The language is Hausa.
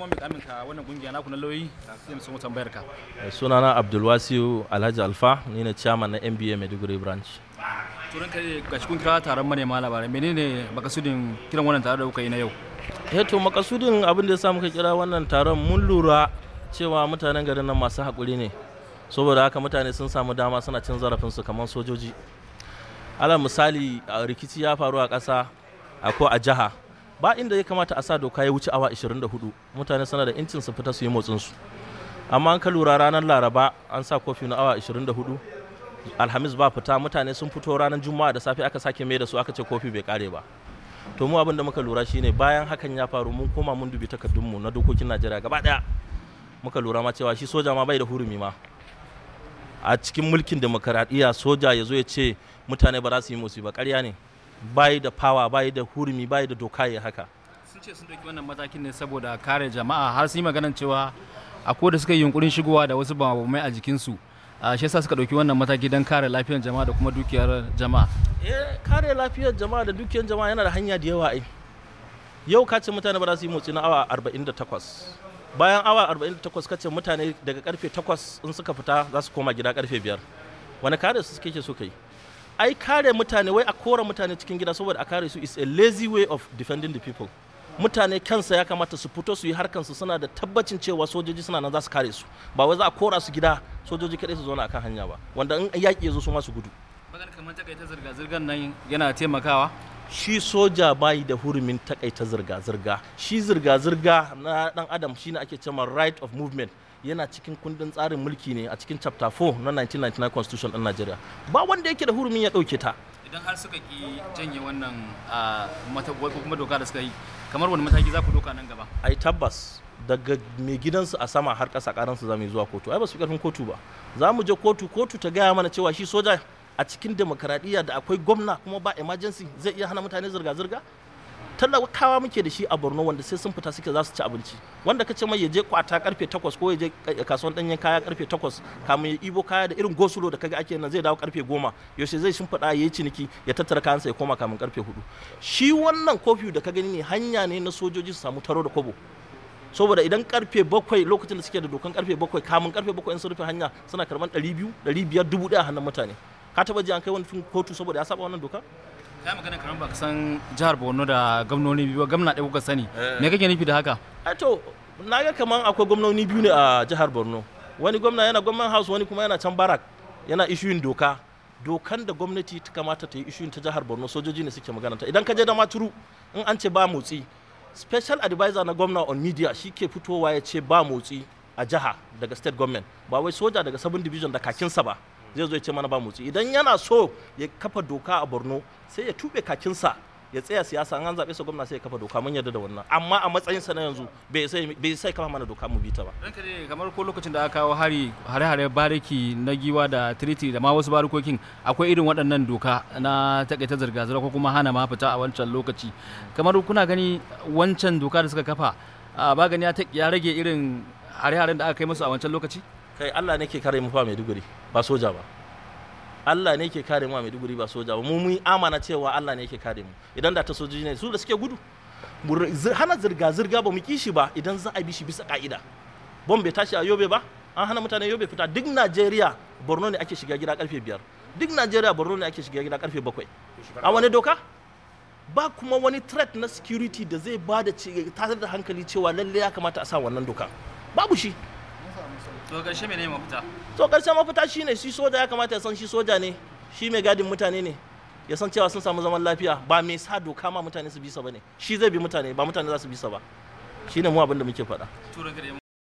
kuma mai kamin wannan kungiya naku na lauyi sai mu tambayar ka eh, sunana Abdulwasiu Alhaji Alfa ni ne chairman na MBA Maiduguri branch turan kai ga cikin kira taron manema labarai menene makasudin kiran wannan taron da kuka yi na yau eh to makasudin abin da ya sa muka kira wannan taron mun lura cewa mutanen garin nan masu hakuri ne saboda haka mutane sun samu dama suna cin zarafinsu kamar sojoji alal misali rikici ya faru a ƙasa ko a jiha ba inda ya kamata a sa doka ya wuce awa 24 mutane sana da incin su fita su yi motsin su amma an ka lura ranar laraba an sa kofi na awa 24 alhamis ba fita mutane sun fito ranar juma'a da safe aka sake mai da su aka ce kofi bai kare ba to mu abin da muka lura shine bayan hakan ya faru mun koma mun dubi takardunmu na dokokin najeriya gaba daya muka lura ma cewa shi soja ma bai da hurumi ma a cikin mulkin demokaradiyya soja ya zo ya ce mutane ba za su yi motsi ba karya ne bayi da fawa bayi da hurumi bayi da doka ya haka sun ce sun dauki wannan matakin ne saboda kare jama'a har sun yi maganar cewa akwai da suka yi yunkurin shigowa da wasu bamamai a jikinsu a shi yasa suka dauki wannan mataki don kare lafiyar jama'a da kuma dukiyar jama'a eh kare lafiyar jama'a da dukiyar jama'a yana da hanya da yawa ai yau ka ce mutane ba za su yi motsi na awa 48 bayan awa 48 ce mutane daga karfe 8 in suka fita za su koma gida karfe 5 wani kare su suke so kai ai kare mutane wai a kora mutane cikin gida saboda a kare su is a lazy way of defending the people mutane kansa ya kamata su fito su yi su suna da tabbacin cewa sojoji suna nan za su kare su ba wai za a kora su gida sojoji kadai su zauna akan hanya ba wanda in yaƙi ya zo su ma su gudu magana kamar takaita zirga-zirgar nan yana taimakawa shi soja bayi da hurumin takaita zirga-zirga shi zirga-zirga na dan adam shine ake cewa right of movement yana cikin kundin tsarin mulki ne a cikin chapter 4 na 1999 constitution din Najeriya ba wanda yake da hurumin ya dauke ta idan har suka ki janye wannan ko kuma doka da suka yi kamar wani mataki za ku doka nan gaba ai tabbas daga mai gidansu a sama har ƙasa ƙaransu za mu zuwa kotu ai ba su karfin kotu ba za mu je kotu kotu ta gaya mana cewa shi soja a cikin demokaradiyya da akwai gwamna kuma ba emergency zai iya hana mutane zirga-zirga talakawa muke da shi a borno wanda sai sun fita suke za su ci abinci wanda ka ce mai ya je kwata karfe 8 ko ya je eh, kasuwan danyen kaya karfe 8 kamun ya ibo kaya da irin gosulo da kaga ake nan zai dawo karfe 10 yaushe zai shimfiɗa ya yi ciniki ya tattara kayansa ya koma kamun karfe 4 shi wannan kofi da ka gani ne hanya ne na sojoji su samu taro da kobo saboda idan karfe 7 lokacin da suke da dokan karfe 7 kamun karfe 7 in sun rufe hanya suna karban 200 500 dubu daya hannun mutane ka taba ji an kai wani kotu saboda ya saba wannan doka kai magana karam ba ka san jihar Borno da gwamnoni biyu gwamna ɗaya kuka sani eh. me kake nufi da haka a to na ga kamar akwai gwamnoni biyu ne a jihar Borno wani gwamna yana gwamnan house wani kuma yana can barak yana issuing doka dokan da gwamnati ta kamata ta yi issuing ta jihar Borno sojoji ne suke magana ta idan ka je da maturu in an ce ba motsi special advisor na gwamna on media shi ke fitowa ya ce ba motsi a jiha daga state government ba wai soja daga sabon division da kakinsa ba zai zo ya ce mana ba motsi idan yana so ya kafa doka a borno sai ya tuɓe kakinsa ya tsaya siyasa an zaɓe sa gwamna sai ya kafa doka mun yarda da wannan amma a matsayin sa na yanzu bai sai kafa mana doka mu bi ta ba kamar ko lokacin da aka kawo hari hare-hare bariki na giwa da triti da ma wasu barikokin akwai irin waɗannan doka na takaita zirga-zirga ko kuma hana ma fita a wancan lokaci kamar kuna gani wancan doka da suka kafa ba gani ya rage irin hare-haren da aka kai musu a wancan lokaci kai Allah ne ke kare mu fa Maiduguri ba soja ba Allah ne ke kare mu a Maiduguri ba soja ba mu mun amana cewa Allah ne ke kare mu idan da ta sojoji ne su da suke gudu hana zirga zirga ba mu kishi ba idan za a bi shi bisa ka'ida bom bai tashi a yobe ba an hana mutane yobe fita duk Najeriya Borno ne ake shiga gida karfe biyar duk Najeriya Borno ne ake shiga gida karfe bakwai a wani doka ba kuma wani threat na security da zai ba da tasar da hankali cewa lalle ya kamata a sa wannan doka babu shi to karshe mene mafita to karshe mafita shine shi soja ya kamata ya san shi soja ne shi mai gadin mutane ne ya san cewa sun samu zaman lafiya ba mai sa doka ma mutane su bisa ba ne shi zai bi mutane ba mutane za su bisa ba shine mu abin da muke faɗa